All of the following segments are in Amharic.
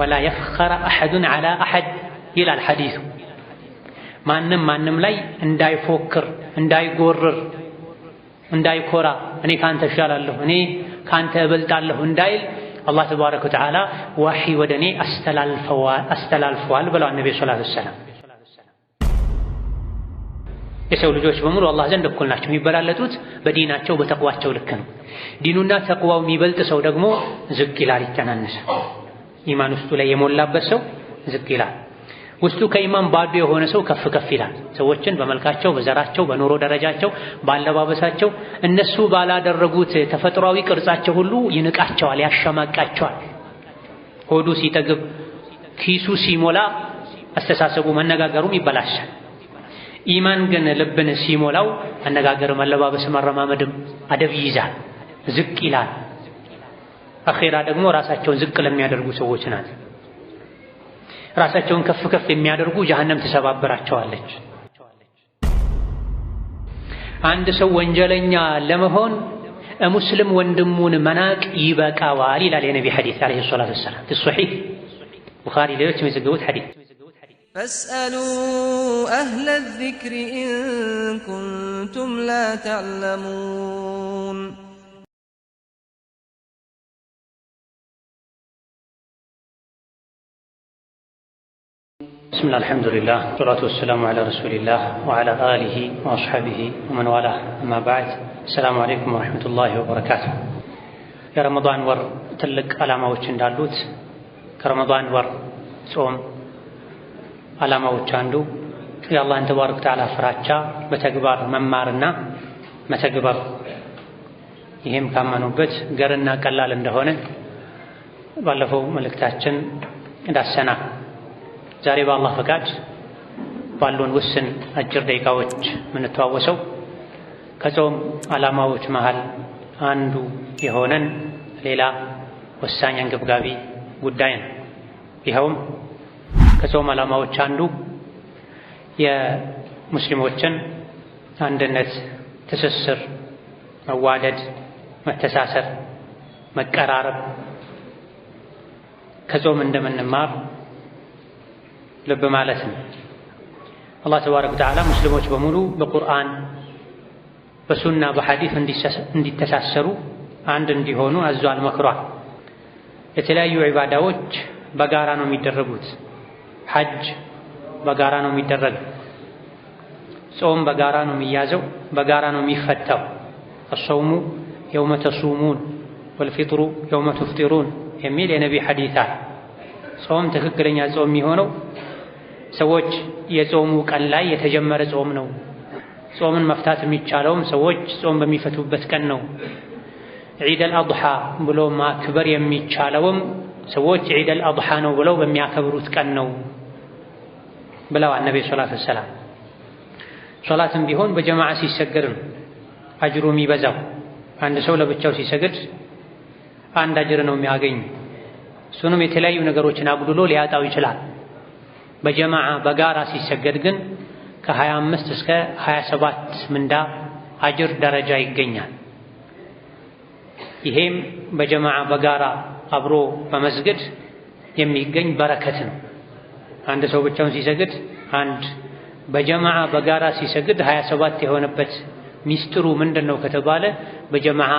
ወላ የፍኸረ አሐዱን ዐላ አሐድ ይላል ሐዲሱ። ማንም ማንም ላይ እንዳይፎክር፣ እንዳይጎርር፣ እንዳይኮራ እኔ ካንተ እሻላለሁ፣ እኔ ካንተ እበልጣለሁ እንዳይል አላህ ተባረከ ወተዓላ ዋሒ ወደ እኔ አስተላልፈዋል ብለዋል ነቢ ሰላቱ ወሰላም። የሰው ልጆች በሙሉ አላህ ዘንድ እኩል ናቸው። የሚበላለጡት በዲናቸው በተቅዋቸው ልክ ነው። ዲኑና ተቅዋው የሚበልጥ ሰው ደግሞ ዝግ ይላል፣ ይተናነሳል። ኢማን ውስጡ ላይ የሞላበት ሰው ዝቅ ይላል። ውስጡ ከኢማን ባዶ የሆነ ሰው ከፍ ከፍ ይላል። ሰዎችን በመልካቸው፣ በዘራቸው፣ በኑሮ ደረጃቸው፣ ባለባበሳቸው እነሱ ባላደረጉት ተፈጥሯዊ ቅርጻቸው ሁሉ ይንቃቸዋል፣ ያሸማቃቸዋል። ሆዱ ሲጠግብ ኪሱ ሲሞላ አስተሳሰቡ መነጋገሩም ይበላሻል። ኢማን ግን ልብን ሲሞላው አነጋገርም፣ አለባበስም፣ አረማመድም አደብ ይይዛል፣ ዝቅ ይላል። አኼራ ደግሞ ራሳቸውን ዝቅ ለሚያደርጉ ሰዎች ናት። ራሳቸውን ከፍ ከፍ የሚያደርጉ ጀሀነም ትሰባብራቸዋለች። አንድ ሰው ወንጀለኛ ለመሆን ሙስሊም ወንድሙን መናቅ ይበቃዋል ይላል የነቢ ሐዲስ ዓለይሂ ሰላቱ ወሰላም ሶሒህ ቡኻሪ፣ ሌሎች የሚዘግቡት ሐዲስ ፈስአሉ አህለ ዚክሪ ኢን ኩንቱም ላ ተዕለሙን بسم الله الحمد لله والصلاة والسلام على رسول الله وعلى آله وأصحابه ومن والاه أما بعد السلام عليكم ورحمة الله وبركاته يا رمضان ور تلك على ما وجهن دالوت كرمضان ور صوم على ما وجهندو يا الله أنت بارك تعالى فراتشا متكبر ممارنا مارنا متكبر يهم كما نبت قرنا كلا لندهونه ባለፈው ملكتاشن እንዳሰና ዛሬ በአላህ ፈቃድ ባሉን ውስን አጭር ደቂቃዎች የምንተዋወሰው ከጾም ዓላማዎች መሃል አንዱ የሆነን ሌላ ወሳኝ አንገብጋቢ ጉዳይ ነው። ይኸውም ከጾም ዓላማዎች አንዱ የሙስሊሞችን አንድነት፣ ትስስር፣ መዋደድ፣ መተሳሰር፣ መቀራረብ ከጾም እንደምንማር ልብ ማለት ነው። አላህ ተባረከ ወተዓላ ሙስሊሞች በሙሉ በቁርአን በሱና በሐዲስ እንዲተሳሰሩ አንድ እንዲሆኑ አዟል፣ መክሯል። የተለያዩ ዒባዳዎች በጋራ ነው የሚደረጉት። ሐጅ በጋራ ነው የሚደረግ ጾም በጋራ ነው የሚያዘው፣ በጋራ ነው የሚፈታው። አሰውሙ የውመ ተሱሙን ወልፊጥሩ የውመ ትፍጢሩን የሚል የነቢ ሐዲታ ጾም ትክክለኛ ጾም የሚሆነው ሰዎች የጾሙ ቀን ላይ የተጀመረ ጾም ነው። ጾምን መፍታት የሚቻለውም ሰዎች ጾም በሚፈቱበት ቀን ነው። ዒደል አድሓ ብሎ ማክበር የሚቻለውም ሰዎች ዒደል አድሓ ነው ብለው በሚያከብሩት ቀን ነው ብለዋል ነቢ ሶላት ወሰላም። ሶላትም ቢሆን በጀማዓ ሲሰገድ ነው አጅሩ የሚበዛው። አንድ ሰው ለብቻው ሲሰግድ አንድ አጅር ነው የሚያገኝ። እሱንም የተለያዩ ነገሮችን አጉድሎ ሊያጣው ይችላል። በጀማዓ በጋራ ሲሰገድ ግን ከ25 እስከ 27 ምንዳ አጅር ደረጃ ይገኛል። ይሄም በጀማዓ በጋራ አብሮ በመስገድ የሚገኝ በረከት ነው። አንድ ሰው ብቻውን ሲሰግድ አንድ፣ በጀማዓ በጋራ ሲሰግድ 27 የሆነበት ሚስጥሩ ምንድን ነው ከተባለ በጀማዓ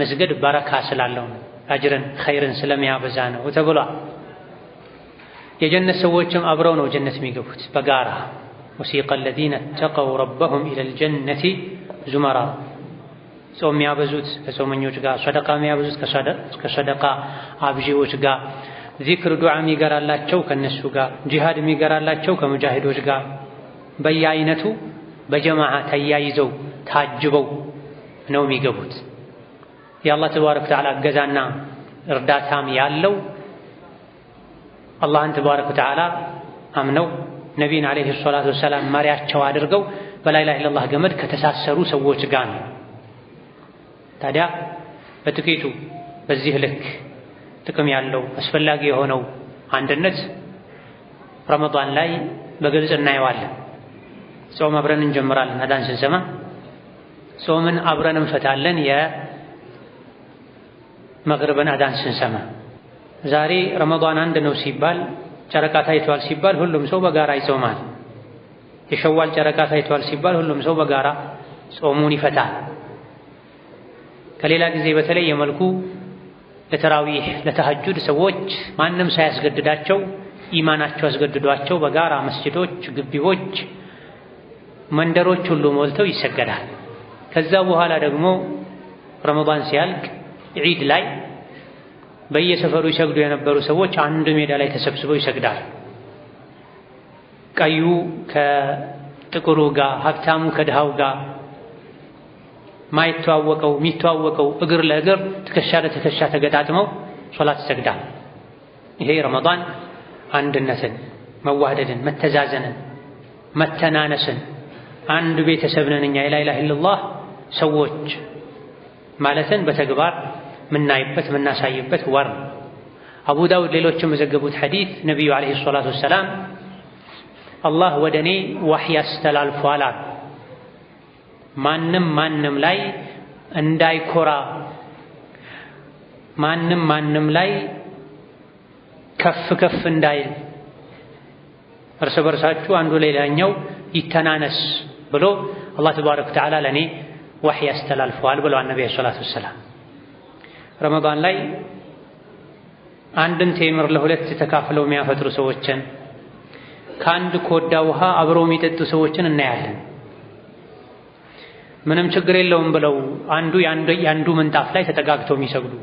መስገድ በረካ ስላለው ነው። አጅርን ኸይርን ስለሚያበዛ ነው ተብሏል። የጀነት ሰዎችም አብረው ነው ጀነት የሚገቡት በጋራ ወሲቀ አለዚነ ተቀው ረበሁም ኢለል ጀነቲ ዙመራ ጾም የሚያበዙት ከጾመኞች ጋር፣ ሰደቃ የሚያበዙት ከሰደቃ አብዢዎች ጋር፣ ዚክር ዱዓ የሚገራላቸው ከነሱ ጋር፣ ጂሃድ የሚገራላቸው ከሙጃሂዶች ጋር በየአይነቱ በጀማዓ ተያይዘው ታጅበው ነው የሚገቡት። የአላህ ተባረከ ወተዓላ እገዛና እርዳታም ያለው አላህን ተባረከ ወተዓላ አምነው ነቢይን ዓለይሂ ሰላቱ ወሰላም መሪያቸው አድርገው በላ ኢላሃ ገመድ ከተሳሰሩ ሰዎች ጋር ነው። ታዲያ በጥቂቱ በዚህ ልክ ጥቅም ያለው አስፈላጊ የሆነው አንድነት ረመዳን ላይ በግልጽ እናየዋለን። ጾም አብረን እንጀምራለን አዳን ስንሰማ ጾምን አብረን እንፈታለን የመግሪብን አዳን ስንሰማ ዛሬ ረመዷን አንድ ነው ሲባል ጨረቃ ታይቷል ሲባል ሁሉም ሰው በጋራ ይጾማል። የሸዋል ጨረቃ ታይቷል ሲባል ሁሉም ሰው በጋራ ጾሙን ይፈታል። ከሌላ ጊዜ በተለየ መልኩ ለተራዊህ ለተሐጁድ ሰዎች ማንም ሳያስገድዳቸው ኢማናቸው አስገድዷቸው በጋራ መስጅዶች፣ ግቢዎች፣ መንደሮች ሁሉ ሞልተው ይሰገዳል። ከዛ በኋላ ደግሞ ረመዳን ሲያልቅ ዒድ ላይ በየሰፈሩ ይሰግዱ የነበሩ ሰዎች አንድ ሜዳ ላይ ተሰብስበው ይሰግዳል። ቀዩ ከጥቁሩ ጋር፣ ሀብታሙ ከድሃው ጋር፣ ማይተዋወቀው የሚተዋወቀው እግር ለእግር ትከሻ ለትከሻ ተገጣጥመው ሶላት ይሰግዳል። ይሄ ረመዳን አንድነትን፣ መዋደድን መተዛዘንን፣ መተናነስን አንድ ቤተሰብ ነን እኛ የላ ኢላሃ ኢለላህ ሰዎች ማለትን በተግባር ምናይበት ምናሳይበት ወር ነው። አቡ ዳውድ ሌሎችም የዘገቡት ሐዲት ነቢዩ ዓለይሂ ሰላቱ ወሰላም አላህ ወደ እኔ ዋህይ ያስተላልፏል አሉ። ማንም ማንም ላይ እንዳይኮራ፣ ማንም ማንም ላይ ከፍ ከፍ እንዳይል፣ እርስ በርሳችሁ አንዱ ሌላኛው ይተናነስ ብሎ አላህ ተባረከ ወተዓላ ለእኔ ዋህይ ያስተላልፈዋል ብለዋል ነቢዩ ዓለይሂ ሰላቱ ወሰላም። ረመዳን ላይ አንድን ቴምር ለሁለት ተካፍለው የሚያፈጥሩ ሰዎችን ከአንድ ኮዳ ውሃ አብረው የሚጠጡ ሰዎችን እናያለን። ምንም ችግር የለውም ብለው አንዱ የአንዱ ምንጣፍ ላይ ተጠጋግተው የሚሰግዱ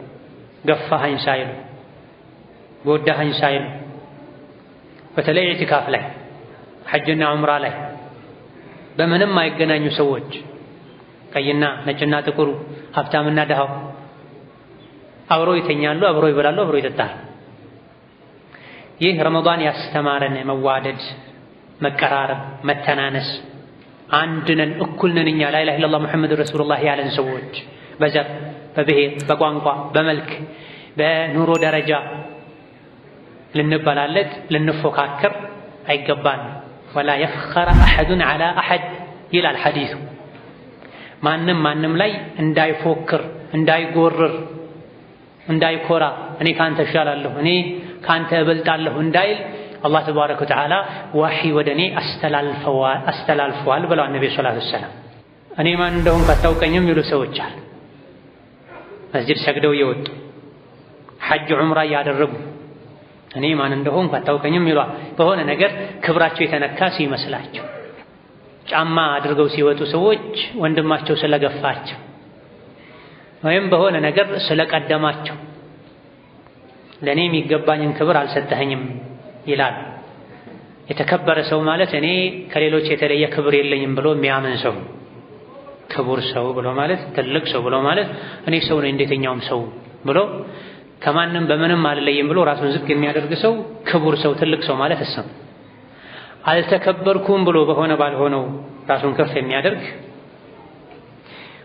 ገፋኸኝ ሳይሉ ጎዳኸኝ ሳይሉ በተለይ ኢዕቲካፍ ላይ ሐጅና ዑምራ ላይ በምንም አይገናኙ ሰዎች ቀይና ነጭና ጥቁሩ ሀብታምና ድሃው አብሮ ይተኛሉ፣ አብሮ ይበላሉ፣ አብሮ ይጠጣሉ። ይህ ረመዳን ያስተማረን መዋደድ፣ መቀራረብ፣ መተናነስ አንድነን እኩልነን እኛ ላ ኢላሀ ኢለላህ ሙሐመድ ረሱሉላህ ያለን ሰዎች በዘር በብሔር በቋንቋ በመልክ በኑሮ ደረጃ ልንበላለጥ ልንፎካከር አይገባን። ወላ የፍኸረ አሐዱን ዐላ አሐድ ይላል ሐዲሱ። ማንም ማንም ላይ እንዳይፎክር እንዳይጎርር እንዳይኮራ እኔ ካንተ እሻላለሁ እኔ ካንተ እበልጣለሁ እንዳይል አላህ ተባረከ ወተዓላ ዋሒ ወደ እኔ አስተላልፈዋል ብለዋል ነቢ ሰላቱ ወሰላም። እኔ ማን እንደሆን ካታውቀኝም ይሉ ሰዎች አሉ። መስጂድ ሰግደው እየወጡ ሐጅ ዑምራ እያደረጉ እኔ ማን እንደሆን ካታውቀኝም ይሏ በሆነ ነገር ክብራቸው የተነካ ሲመስላቸው ጫማ አድርገው ሲወጡ ሰዎች ወንድማቸው ስለገፋቸው ወይም በሆነ ነገር ስለቀደማቸው ለእኔ የሚገባኝን ክብር አልሰጠኸኝም ይላል። የተከበረ ሰው ማለት እኔ ከሌሎች የተለየ ክብር የለኝም ብሎ የሚያምን ሰው ክቡር ሰው ብሎ ማለት ትልቅ ሰው ብሎ ማለት እኔ ሰው ነኝ እንዴተኛውም ሰው ብሎ ከማንም በምንም አልለይም ብሎ ራሱን ዝቅ የሚያደርግ ሰው ክቡር ሰው ትልቅ ሰው ማለት እሰም አልተከበርኩም ብሎ በሆነ ባልሆነው ራሱን ከፍ የሚያደርግ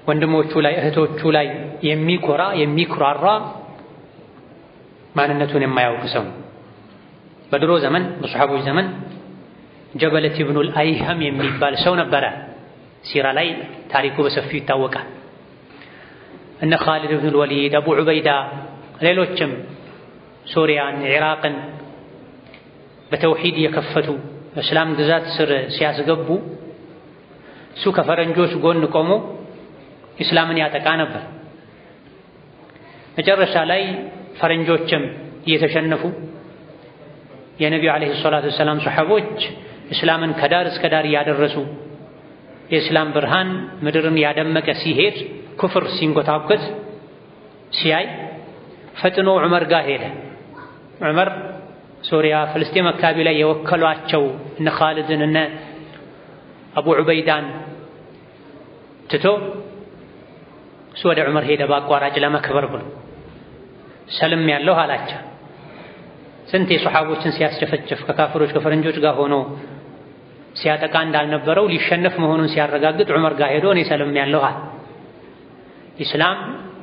ወንድሞቹ ላይ እህቶቹ ላይ የሚኮራ የሚኩራራ ማንነቱን የማያውቅ ሰው በድሮ ዘመን በሶሐቦች ዘመን ጀበለት ኢብኑል አይሀም የሚባል ሰው ነበረ። ሲራ ላይ ታሪኩ በሰፊው ይታወቃል። እነ ኻሊድ ኢብኑል ወሊድ፣ አቡ ዑበይዳ፣ ሌሎችም ሶሪያን፣ ኢራቅን በተውሂድ የከፈቱ እስላም ግዛት ስር ሲያስገቡ እሱ ከፈረንጆች ጎን ቆሞ ኢስላምን ያጠቃ ነበር። መጨረሻ ላይ ፈረንጆችም እየተሸነፉ የነቢዩ ዓለይሂ ሰላቱ ወሰላም ሰሐቦች እስላምን ከዳር እስከ ዳር እያደረሱ የእስላም ብርሃን ምድርን ያደመቀ ሲሄድ ኩፍር ሲንጎታበት ሲያይ ፈጥኖ ዑመር ጋር ሄደ። ዑመር ሶሪያ፣ ፍልስጤም አካባቢ ላይ የወከሏቸው እነ ኻልድን እነ አቡ ዑበይዳን ትቶ እሱ ወደ ዑመር ሄደ በአቋራጭ ለመክበር ብሎ ሰልም ያለው አላቸው። ስንት የሰሓቦችን ሲያስጨፈጭፍ ከካፍሮች ከፈረንጆች ጋር ሆኖ ሲያጠቃ እንዳልነበረው ሊሸነፍ መሆኑን ሲያረጋግጥ ዑመር ጋር ሄዶ እኔ ሰልም ያለው አለ። ኢስላም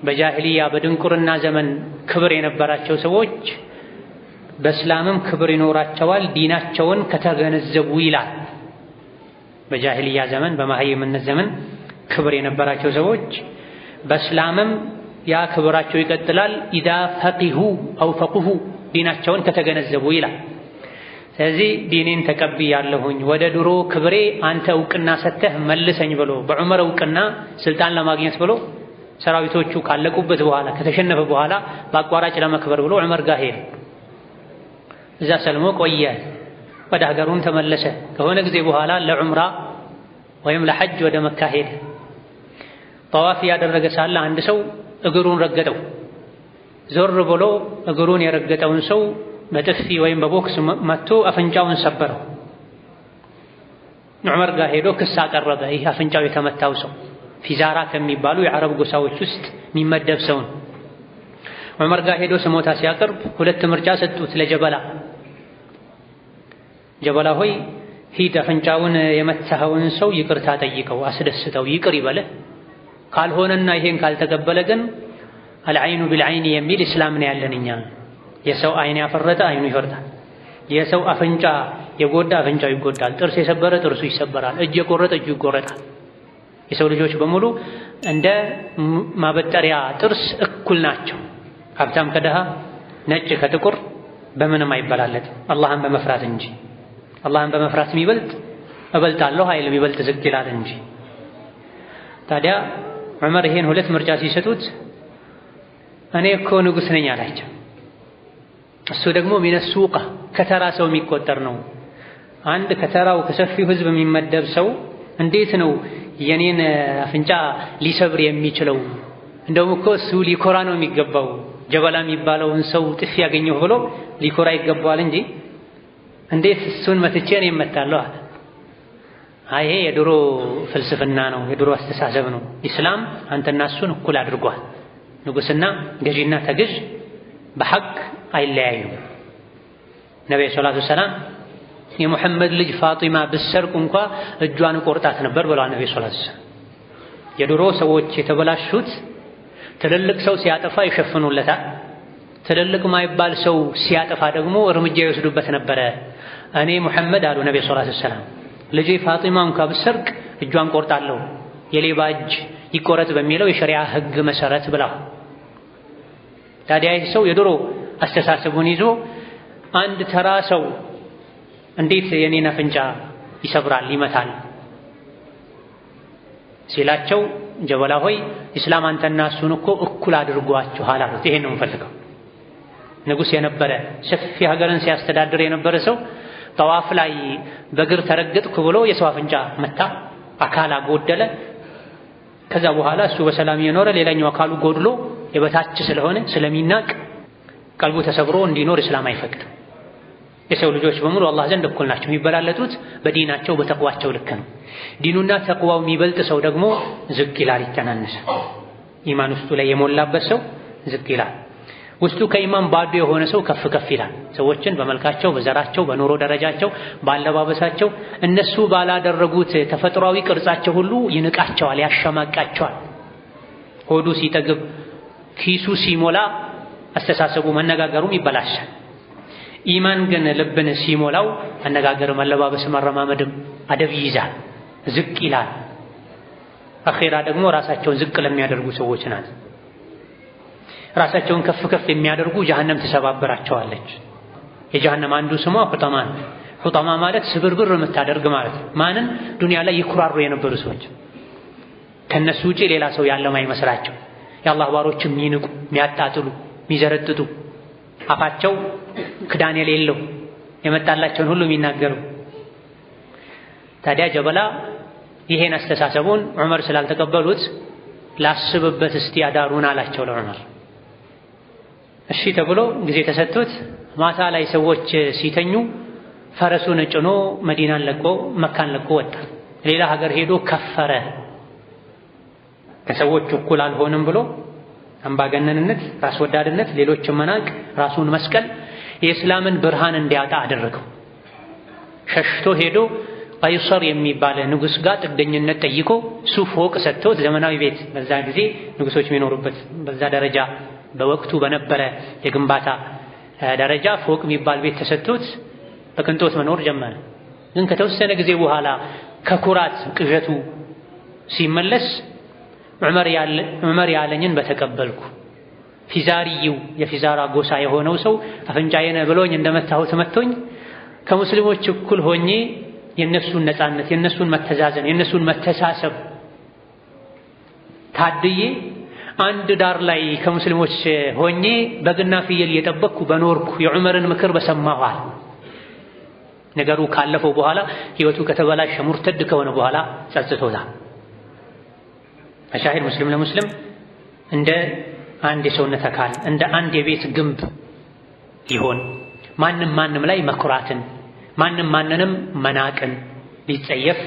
በጃሂልያ በድንቁርና ዘመን ክብር የነበራቸው ሰዎች በእስላምም ክብር ይኖራቸዋል፣ ዲናቸውን ከተገነዘቡ ይላል። በጃህልያ ዘመን በማህይምነት ዘመን ክብር የነበራቸው ሰዎች በእስላምም ያ ክብራቸው ይቀጥላል። ኢዛ ፈቂሁ አው ፈቁሁ ዲናቸውን ከተገነዘቡ ይላል። ስለዚህ ዲኔን ተቀብያለሁኝ ወደ ድሮ ክብሬ አንተ እውቅና ሰተህ መልሰኝ ብሎ በዑመር እውቅና ስልጣን ለማግኘት ብሎ ሰራዊቶቹ ካለቁበት በኋላ ከተሸነፈ በኋላ በአቋራጭ ለመክበር ብሎ ዑመር ጋር ሄደ። እዛ ሰልሞ ቆየ። ወደ ሀገሩን ተመለሰ። ከሆነ ጊዜ በኋላ ለዑምራ ወይም ለሐጅ ወደ መካ ሄደ። ጠዋፍ እያደረገ ሳለ አንድ ሰው እግሩን ረገጠው። ዞር ብሎ እግሩን የረገጠውን ሰው በጥፊ ወይም በቦክስ መቶ አፍንጫውን ሰበረው። ዑመር ጋር ሄዶ ክስ አቀረበ። ይህ አፍንጫው የተመታው ሰው ፊዛራ ከሚባሉ የአረብ ጎሳዎች ውስጥ የሚመደብ ሰው ነው። ዑመር ጋር ሄዶ ስሞታ ሲያቀርብ ሁለት ምርጫ ሰጡት ለጀበላ። ጀበላ ሆይ ሂድ አፍንጫውን የመታኸውን ሰው ይቅርታ ጠይቀው፣ አስደስተው፣ ይቅር ይበልህ ካልሆነና ይሄን ካልተቀበለ ግን አልዓይኑ ቢልዓይኒ የሚል እስላም ነው ያለን እኛ። የሰው አይን ያፈረጠ አይኑ ይፈርጣል። የሰው አፍንጫ የጎዳ አፍንጫው ይጎዳል። ጥርስ የሰበረ ጥርሱ ይሰበራል። እጅ የቆረጠ እጁ ይቆረጣል። የሰው ልጆች በሙሉ እንደ ማበጠሪያ ጥርስ እኩል ናቸው። ሀብታም ከደሃ፣ ነጭ ከጥቁር በምንም አይበላለጥም አላህን በመፍራት እንጂ። አላህን በመፍራት የሚበልጥ እበልጣለሁ አይልም፣ ይበልጥ ዝቅ ይላል እንጂ ታዲያ ዑመር ይሄን ሁለት ምርጫ ሲሰጡት እኔ እኮ ንጉሥ ነኝ አላቸው። እሱ ደግሞ ሚነ ሱቃ ከተራ ሰው የሚቆጠር ነው። አንድ ከተራው ከሰፊው ሕዝብ የሚመደብ ሰው እንዴት ነው የኔን አፍንጫ ሊሰብር የሚችለው? እንደውም እኮ እሱ ሊኮራ ነው የሚገባው። ጀበላ የሚባለውን ሰው ጥፊ ያገኘሁ ብሎ ሊኮራ ይገባዋል እንጂ እንዴት እሱን መትቼ እኔ እመታለሁ አለ። ይሄ የድሮ ፍልስፍና ነው፣ የድሮ አስተሳሰብ ነው። ኢስላም አንተና እሱን እኩል አድርጓል። ንጉስና ገዢና ተገዥ በሐቅ አይለያዩም። ነቢዩ ሰላቱ ሰላም የሙሐመድ ልጅ ፋጢማ ብሰርቅ እንኳ እጇን ቆርጣት ነበር ብለዋል ነቢዩ ሰላቱ ሰላም። የድሮ ሰዎች የተበላሹት ትልልቅ ሰው ሲያጠፋ ይሸፍኑለታል፣ ትልልቅ ማይባል ሰው ሲያጠፋ ደግሞ እርምጃ ይወስዱበት ነበረ። እኔ ሙሐመድ አሉ ነቢዩ ሰላቱ ሰላም ልጄ ፋጢማን ሰርቅ እጇን ቆርጣለሁ የሌባ እጅ ይቆረጥ በሚለው የሸሪዓ ህግ መሰረት ብላ። ታዲያ ይህ ሰው የድሮ አስተሳሰቡን ይዞ አንድ ተራ ሰው እንዴት የኔን አፍንጫ ይሰብራል ይመታል ሲላቸው ጀበላ ሆይ ኢስላም አንተና እሱን እኮ እኩል አድርጓችኋል አሉት። ይሄን ነው የምፈልገው። ንጉሥ የነበረ ሰፊ ሀገርን ሲያስተዳድር የነበረ ሰው ጠዋፍ ላይ በእግር ተረገጥኩ ብሎ የሰው አፍንጫ መታ፣ አካል አጎደለ። ከዛ በኋላ እሱ በሰላም የኖረ ሌላኛው አካሉ ጎድሎ የበታች ስለሆነ ስለሚናቅ ቀልቡ ተሰብሮ እንዲኖር እስላም አይፈቅድም። የሰው ልጆች በሙሉ አላህ ዘንድ እኩል ናቸው። የሚበላለጡት በዲናቸው በተቅዋቸው ልክ ነው። ዲኑና ተቅዋው የሚበልጥ ሰው ደግሞ ዝቅ ይላል፣ ይተናነሳል። ኢማን ውስጡ ላይ የሞላበት ሰው ዝቅ ይላል። ውስጡ ከኢማን ባዶ የሆነ ሰው ከፍ ከፍ ይላል። ሰዎችን በመልካቸው፣ በዘራቸው፣ በኑሮ ደረጃቸው፣ ባለባበሳቸው እነሱ ባላደረጉት ተፈጥሯዊ ቅርጻቸው ሁሉ ይንቃቸዋል፣ ያሸማቃቸዋል። ሆዱ ሲጠግብ ኪሱ ሲሞላ አስተሳሰቡ መነጋገሩም ይበላሻል። ኢማን ግን ልብን ሲሞላው አነጋገርም አለባበስም አረማመድም አደብ ይይዛል፣ ዝቅ ይላል። አኼራ ደግሞ ራሳቸውን ዝቅ ለሚያደርጉ ሰዎች ናት። ራሳቸውን ከፍ ከፍ የሚያደርጉ ጀሀነም ትሰባብራቸዋለች። የጀሀነም አንዱ ስሟ ሁጠማ ነው። ሁጠማ ማለት ስብርብር የምታደርግ ማለት ነው። ማንን? ዱንያ ላይ ይኩራሩ የነበሩ ሰዎች ከነሱ ውጪ ሌላ ሰው ያለ አይመስላቸው የአላህ ባሮች የሚንቁ፣ የሚያጣጥሉ፣ የሚዘረጥጡ አፋቸው ክዳን የሌለው የመጣላቸውን ሁሉ የሚናገሩ ታዲያ ጀበላ ይሄን አስተሳሰቡን ዑመር ስላልተቀበሉት ላስብበት እስቲ አዳሩን አላቸው ለዑመር እሺ ተብሎ ጊዜ ተሰጥቶት ማታ ላይ ሰዎች ሲተኙ ፈረሱን ጭኖ መዲናን ለቆ መካን ለቆ ወጣ። ሌላ ሀገር ሄዶ ከፈረ። ከሰዎች እኩል አልሆንም ብሎ አምባገነንነት፣ ራስ ወዳድነት፣ ሌሎችን መናቅ፣ ራሱን መስቀል የእስላምን ብርሃን እንዲያጣ አደረገው። ሸሽቶ ሄዶ ቀይሰር የሚባል ንጉስ ጋር ጥገኝነት ጠይቆ እሱ ፎቅ ሰጥቶት ዘመናዊ ቤት በዛ ጊዜ ንጉሶች የሚኖሩበት በዛ ደረጃ በወቅቱ በነበረ የግንባታ ደረጃ ፎቅ የሚባል ቤት ተሰጥቶት በቅንጦት መኖር ጀመረ። ግን ከተወሰነ ጊዜ በኋላ ከኩራት ቅዠቱ ሲመለስ ዑመር ያለኝን በተቀበልኩ ፊዛሪው የፊዛራ ጎሳ የሆነው ሰው አፍንጫዬን ብሎኝ እንደመታሁት መቶኝ ከሙስሊሞች እኩል ሆኜ የእነሱን ነፃነት፣ የእነሱን መተዛዘን፣ የእነሱን መተሳሰብ ታድዬ አንድ ዳር ላይ ከሙስሊሞች ሆኜ በግና ፍየል እየጠበቅኩ በኖርኩ የዑመርን ምክር በሰማኋል። ነገሩ ካለፈው በኋላ ህይወቱ ከተበላሸ ሙርተድ ከሆነ በኋላ ጸጽቶታል። መሻሂድ ሙስሊም ለሙስሊም እንደ አንድ የሰውነት አካል እንደ አንድ የቤት ግንብ ይሆን ማንም ማንም ላይ መኩራትን ማንም ማንንም መናቅን ሊጸየፍ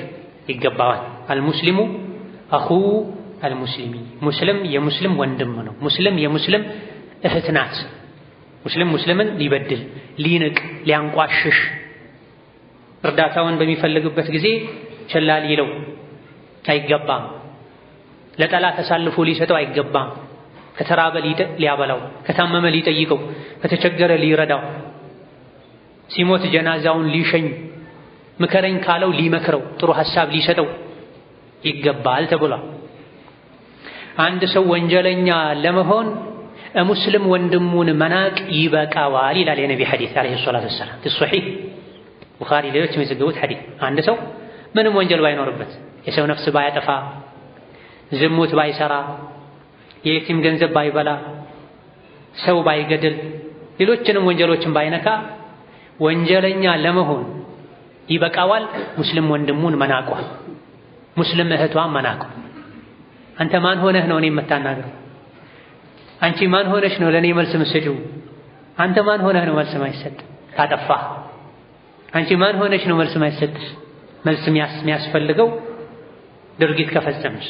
ይገባዋል። አልሙስሊሙ አኹ አልሙስሊሚ ሙስልም የሙስልም ወንድም ነው። ሙስልም የሙስልም እህት ናት። ሙስልም ሙስልምን ሊበድል፣ ሊንቅ፣ ሊያንቋሽሽ እርዳታውን በሚፈልግበት ጊዜ ቸላ ሊለው አይገባም። ለጠላት ተሳልፎ ሊሰጠው አይገባም። ከተራበ ሊያበላው፣ ከታመመ ሊጠይቀው፣ ከተቸገረ ሊረዳው፣ ሲሞት ጀናዛውን ሊሸኝ፣ ምከረኝ ካለው ሊመክረው፣ ጥሩ ሀሳብ ሊሰጠው ይገባል ተብሏል። አንድ ሰው ወንጀለኛ ለመሆን ሙስልም ወንድሙን መናቅ ይበቃዋል ይላል የነቢ ሐዲስ ዓለይሂ ሰላቱ ወሰላም ፊሶሒህ ቡኻሪ፣ ሌሎች የሚዘግቡት ሐዲስ። አንድ ሰው ምንም ወንጀል ባይኖርበት፣ የሰው ነፍስ ባያጠፋ፣ ዝሙት ባይሰራ፣ የየቲም ገንዘብ ባይበላ፣ ሰው ባይገድል፣ ሌሎችንም ወንጀሎችን ባይነካ ወንጀለኛ ለመሆን ይበቃዋል። ሙስልም ወንድሙን መናቋል፣ ሙስልም እህቷን መናቋል። አንተ ማን ሆነህ ነው እኔ የምታናግረው? አንቺ ማን ሆነሽ ነው ለእኔ መልስ የምትሰጪው? አንተ ማን ሆነህ ነው መልስ ማይሰጥ ታጠፋ አንቺ ማን ሆነሽ ነው መልስ የማይሰጥሽ? መልስ የሚያስፈልገው ድርጊት ከፈጸምሽ።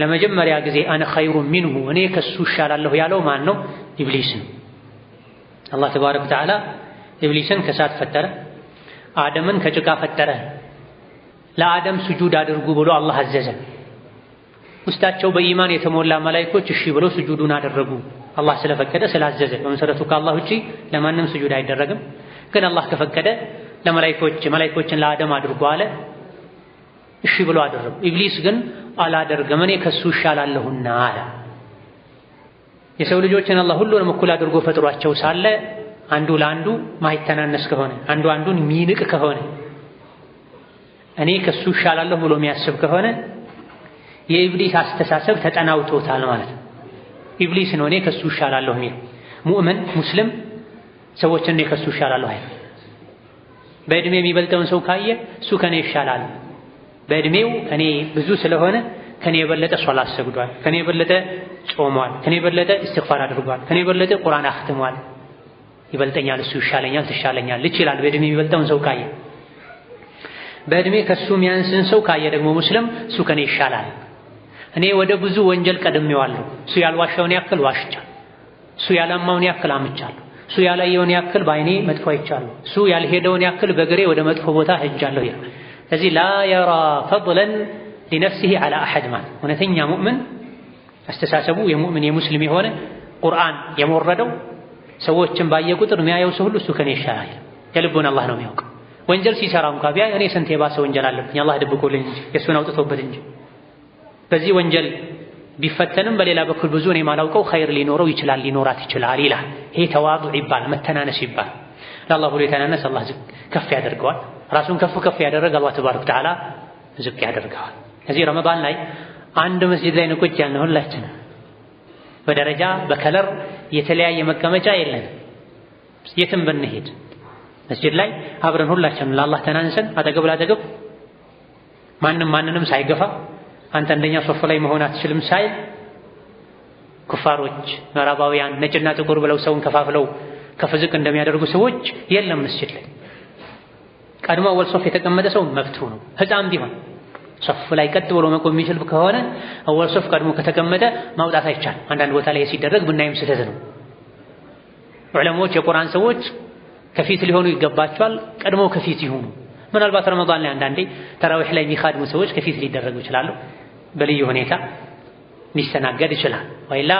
ለመጀመሪያ ጊዜ አነ ኸይሩ ሚንሁ እኔ ከሱ እሻላለሁ ያለው ማን ነው? ኢብሊስ ነው። አላህ ተባረከ ወተዓላ ኢብሊስን ከእሳት ፈጠረ፣ አደምን ከጭቃ ፈጠረ። ለአደም ስጁድ አድርጉ ብሎ አላህ አዘዘ። ውስጣቸው በኢማን የተሞላ መላይኮች እሺ ብለው ስጁዱን አደረጉ። አላህ ስለፈቀደ ስላዘዘ። በመሰረቱ ከአላህ ውጪ ለማንም ስጁድ አይደረግም። ግን አላህ ከፈቀደ ለመላይኮች መላይኮችን ለአደም አድርጎ አለ። እሺ ብሎ አደረጉ። ኢብሊስ ግን አላደርገም እኔ ከሱ እሻላለሁና አለ። የሰው ልጆችን አላህ ሁሉንም እኩል አድርጎ ፈጥሯቸው ሳለ አንዱ ለአንዱ ማይተናነስ ከሆነ አንዱ አንዱን ሚንቅ ከሆነ እኔ ከሱ እሻላለሁ ብሎ የሚያስብ ከሆነ የኢብሊስ አስተሳሰብ ተጠናውቶታል ማለት ነው። ኢብሊስ ነው እኔ ከሱ እሻላለሁ የሚል ሙእምን ሙስልም ሰዎችን እኔ ከሱ እሻላለሁ አይል። በእድሜ የሚበልጠውን ሰው ካየ እሱ ከኔ ይሻላል፣ በእድሜው ከኔ ብዙ ስለሆነ ከኔ የበለጠ ሶላት ሰግዷል፣ ከኔ የበለጠ ጾሟል፣ ከኔ የበለጠ እስትግፋር አድርጓል፣ ከኔ የበለጠ ቁርአን አክትሟል፣ ይበልጠኛል፣ እሱ ይሻለኛል፣ ትሻለኛለች ይላል። በእድሜ የሚበልጠውን ሰው ካየ በእድሜ ከሱ የሚያንስን ሰው ካየ ደግሞ ሙስልም እሱ ከኔ ይሻላል እኔ ወደ ብዙ ወንጀል ቀድሜዋለሁ። እሱ ያልዋሻውን ያክል ዋሽቻል። እሱ ያላማውን ያክል አምቻለሁ። እሱ ያላየውን ያክል በአይኔ መጥፎ አይቻለሁ። እሱ ያልሄደውን ያክል በእግሬ ወደ መጥፎ ቦታ ሄጃለሁ ይላል። ስለዚህ ላ የራ ፈድለን ሊነፍሲሂ ዐላ አሐድ ማለት እውነተኛ ሙእምን አስተሳሰቡ የሙእምን የሙስሊም የሆነ ቁርአን የሞረደው ሰዎችን ባየ ቁጥር የሚያየው ሰው ሁሉ እሱ ከኔ ይሻላል። የልቡን አላህ ነው የሚያውቀው። ወንጀል ሲሰራ እንኳ ቢያይ እኔ ስንት የባሰ ወንጀል አለብኝ አላህ ድብቆልኝ እንጂ የእሱን አውጥቶበት እንጂ በዚህ ወንጀል ቢፈተንም በሌላ በኩል ብዙ እኔ ማላውቀው ኸይር ሊኖረው ይችላል ሊኖራት ይችላል ይላል። ይሄ ተዋዱዕ ይባል መተናነስ ይባል። ለአላህ ብሎ የተናነስ አላህ ከፍ ያደርገዋል። ራሱን ከፍ ከፍ ያደረገ አላህ ተባረክ ተዓላ ዝቅ ያደርገዋል። እዚህ ረመዳን ላይ አንድ መስጂድ ላይ ንቁጭ ያልን ሁላችን በደረጃ በከለር የተለያየ መቀመጫ የለን። የትም ብንሄድ መስጂድ ላይ አብረን ሁላችን ለአላህ ተናንሰን አጠገብ ላጠገብ ማንም ማንንም ሳይገፋ አንተ አንደኛ ሶፍ ላይ መሆን አትችልም ሳይል ኩፋሮች ምዕራባውያን ነጭና ጥቁር ብለው ሰውን ከፋፍለው ከፍዝቅ እንደሚያደርጉ ሰዎች የለም መስጂድ ላይ ቀድሞ አወል ሶፍ የተቀመጠ ሰው መብቱ ነው። ህፃን ቢሆን ሶፍ ላይ ቀጥ ብሎ መቆም የሚችል ከሆነ አወል ሶፍ ቀድሞ ከተቀመጠ ማውጣት አይቻልም። አንዳንድ ቦታ ላይ ሲደረግ ብናይም ስህተት ነው። ዑለሞች የቁርአን ሰዎች ከፊት ሊሆኑ ይገባቸዋል። ቀድሞ ከፊት ይሁኑ። ምናልባት ረመዳን ላይ አንዳንዴ ተራዊሕ ላይ የሚካድሙ ሰዎች ከፊት ሊደረጉ ይችላሉ። በልዩ ሁኔታ ሊስተናገድ ይችላል። ወይላ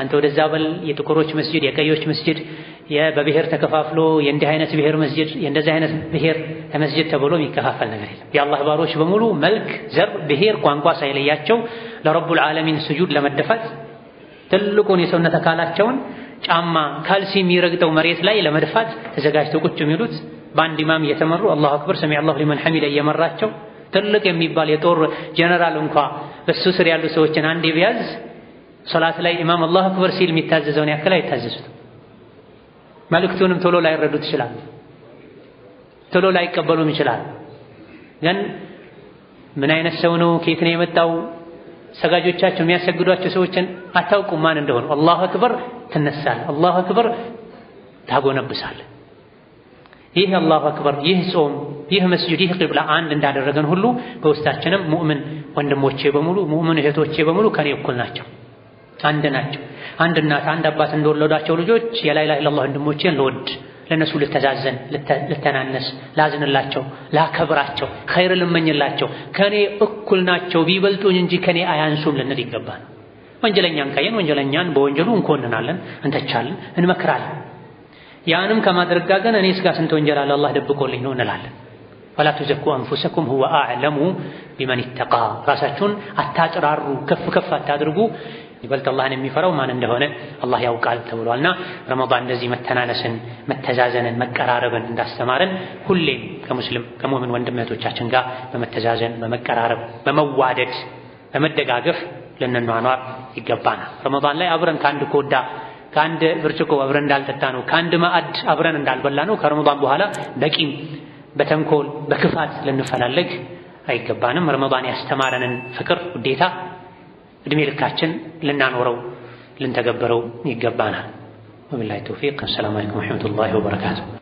አንተ ወደዛ በል የጥቁሮች መስጅድ፣ የቀዮች መስጅድ በብሔር ተከፋፍሎ የእንዲህ አይነት ብሔር መስጂድ፣ የእንደዚህ አይነት ብሔር መስጅድ ተብሎ የሚከፋፈል ነገር የለም። የአላህ ባሮች በሙሉ መልክ፣ ዘር፣ ብሔር፣ ቋንቋ ሳይለያቸው ለረቡል ዓለሚን ስጁድ ለመደፋት ትልቁን የሰውነት አካላቸውን ጫማ ካልሲ የሚረግጠው መሬት ላይ ለመድፋት ተዘጋጅተው ቁጭ የሚሉት በአንድ ኢማም እየተመሩ አላሁ አክበር ሰሚ አላሁ ሊመን ሐሚድ እየመራቸው ትልቅ የሚባል የጦር ጀነራል እንኳ በሱ ስር ያሉ ሰዎችን አንድ ቢያዝ ሶላት ላይ ኢማም አላሁ አክበር ሲል የሚታዘዘውን ያክል አይታዘዙትም። መልእክቱንም ቶሎ ላይረዱት ይችላል፣ ቶሎ ላይቀበሉም ይችላል። ግን ምን አይነት ሰው ነው? ከየት ነው የመጣው? ሰጋጆቻቸው የሚያሰግዷቸው ሰዎችን አታውቁም ማን እንደሆኑ። አላሁ አክበር ትነሳለህ፣ አላሁ አክበር ታጎነብሳለህ። ይህ አላሁ አክበር፣ ይህ ጾም፣ ይህ መስጅድ፣ ይህ ቂብላ አንድ እንዳደረገን ሁሉ በውስጣችንም ሙእምን ወንድሞቼ በሙሉ ሙእምን እህቶቼ በሙሉ ከኔ እኩል ናቸው፣ አንድ ናቸው። አንድ እናት አንድ አባት እንደወለዷቸው ልጆች የላይላ ኢላላህ ወንድሞቼን ልወድ፣ ለነሱ ልተዛዘን፣ ልተናነስ፣ ላዝንላቸው፣ ላከብራቸው፣ ኸይር ልመኝላቸው፣ ከኔ እኩል ናቸው ቢበልጡኝ እንጂ ከኔ አያንሱም ልንል ይገባል። ወንጀለኛን ካየን ወንጀለኛን በወንጀሉ እንኮንናለን፣ እንተቻለን፣ እንመክራለን። ያንም ከማድረግ ጋር ግን እኔ እስጋ ስንት ወንጀል አለ አላህ ደብቆልኝ ነው እንላለን። ወላ ቱዘኩ አንፉሰኩም ሁወ አዕለሙ ቢመን ይተቃ። ራሳችሁን አታጭራሩ፣ ከፍ ከፍ አታድርጉ። ይበልጥ አላህን የሚፈራው ማን እንደሆነ አላህ ያውቃል ተብሏልና ረመዳን እንደዚህ መተናነስን፣ መተዛዘንን፣ መቀራረብን እንዳስተማረን ሁሌም ከሙስሊም ከሙእምን ወንድመቶቻችን ጋር በመተዛዘን በመቀራረብ፣ በመዋደድ፣ በመደጋገፍ ልንኗኗር ይገባናል። ረመዳን ላይ አብረን ከአንድ ኮዳ ከአንድ ብርጭቆ አብረን እንዳልጠጣ ነው፣ ከአንድ ማዕድ አብረን እንዳልበላ ነው። ከረመዳን በኋላ በቂም በተንኮል በክፋት ልንፈላለግ አይገባንም። ረመዳን ያስተማረንን ፍቅር፣ ውዴታ እድሜ ልካችን ልናኖረው ልንተገብረው ይገባናል። ወቢላሂ ተውፊቅ። አሰላሙ አለይኩም ወረሕመቱላሂ ወበረካቱ።